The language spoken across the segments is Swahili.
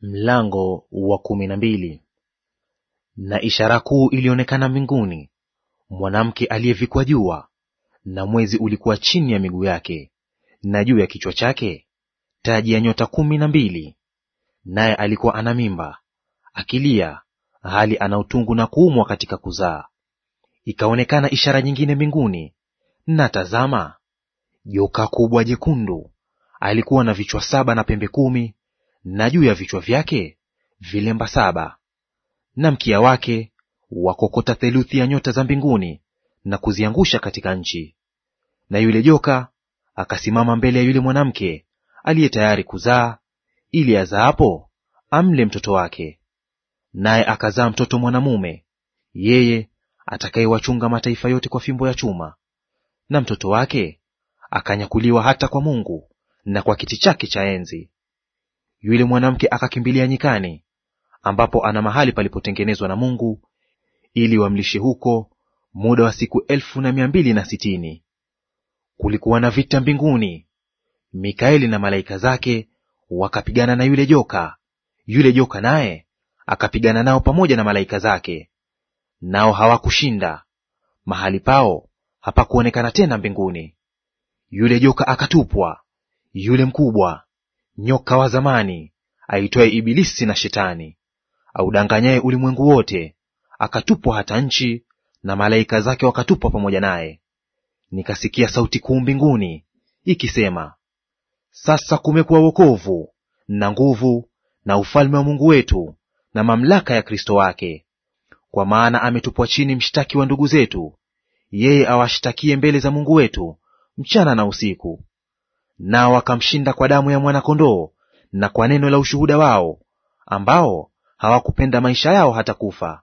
Mlango wa kumi na mbili. Na ishara kuu ilionekana mbinguni, mwanamke aliyevikwa jua, na mwezi ulikuwa chini ya miguu yake, na juu ya kichwa chake taji ya nyota kumi na mbili. Naye alikuwa ana mimba akilia, hali ana utungu na kuumwa katika kuzaa. Ikaonekana ishara nyingine mbinguni, na tazama, joka kubwa jekundu alikuwa na vichwa saba na pembe kumi na juu ya vichwa vyake vilemba saba, na mkia wake wakokota theluthi ya nyota za mbinguni na kuziangusha katika nchi. Na yule joka akasimama mbele ya yule mwanamke aliye tayari kuzaa, ili azaapo amle mtoto wake. Naye akazaa mtoto mwanamume, yeye atakayewachunga mataifa yote kwa fimbo ya chuma. Na mtoto wake akanyakuliwa hata kwa Mungu na kwa kiti chake cha enzi yule mwanamke akakimbilia nyikani, ambapo ana mahali palipotengenezwa na Mungu ili wamlishe huko muda wa siku elfu na mia mbili na sitini. Kulikuwa na vita mbinguni, Mikaeli na malaika zake wakapigana na yule joka, yule joka naye akapigana nao pamoja na malaika zake, nao hawakushinda; mahali pao hapakuonekana tena mbinguni. Yule joka akatupwa, yule mkubwa, nyoka wa zamani aitwaye Ibilisi na Shetani, audanganyaye ulimwengu wote, akatupwa hata nchi, na malaika zake wakatupwa pamoja naye. Nikasikia sauti kuu mbinguni ikisema, sasa kumekuwa wokovu na nguvu na ufalme wa Mungu wetu na mamlaka ya Kristo wake, kwa maana ametupwa chini mshtaki wa ndugu zetu, yeye awashtakie mbele za Mungu wetu mchana na usiku nao wakamshinda kwa damu ya mwana-kondoo na kwa neno la ushuhuda wao, ambao hawakupenda maisha yao hata kufa.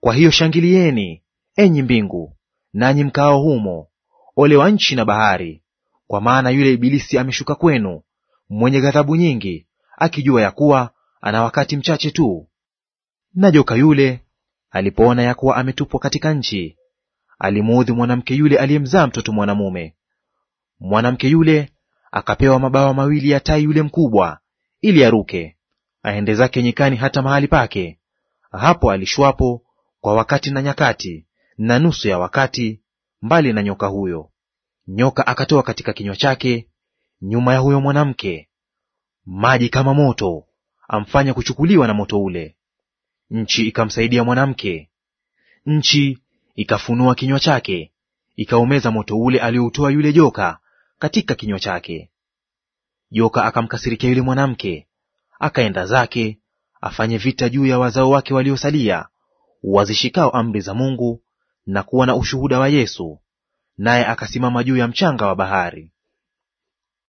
Kwa hiyo shangilieni, enyi mbingu, nanyi mkaao humo; ole wa nchi na bahari, kwa maana yule Ibilisi ameshuka kwenu, mwenye ghadhabu nyingi, akijua ya kuwa ana wakati mchache tu. Na joka yule alipoona ya kuwa ametupwa katika nchi, alimuudhi mwanamke yule aliyemzaa mtoto mwanamume. Mwanamke yule akapewa mabawa mawili ya tai yule mkubwa, ili aruke aende zake nyikani hata mahali pake, hapo alishwapo kwa wakati na nyakati na nusu ya wakati, mbali na nyoka huyo. Nyoka akatoa katika kinywa chake nyuma ya huyo mwanamke maji kama moto, amfanya kuchukuliwa na moto ule. Nchi ikamsaidia mwanamke, nchi ikafunua kinywa chake, ikaumeza moto ule aliyoutoa yule joka katika kinywa chake. Joka akamkasirikia yule mwanamke, akaenda zake afanye vita juu ya wazao wake waliosalia, wazishikao amri za Mungu na kuwa na ushuhuda wa Yesu, naye akasimama juu ya mchanga wa bahari.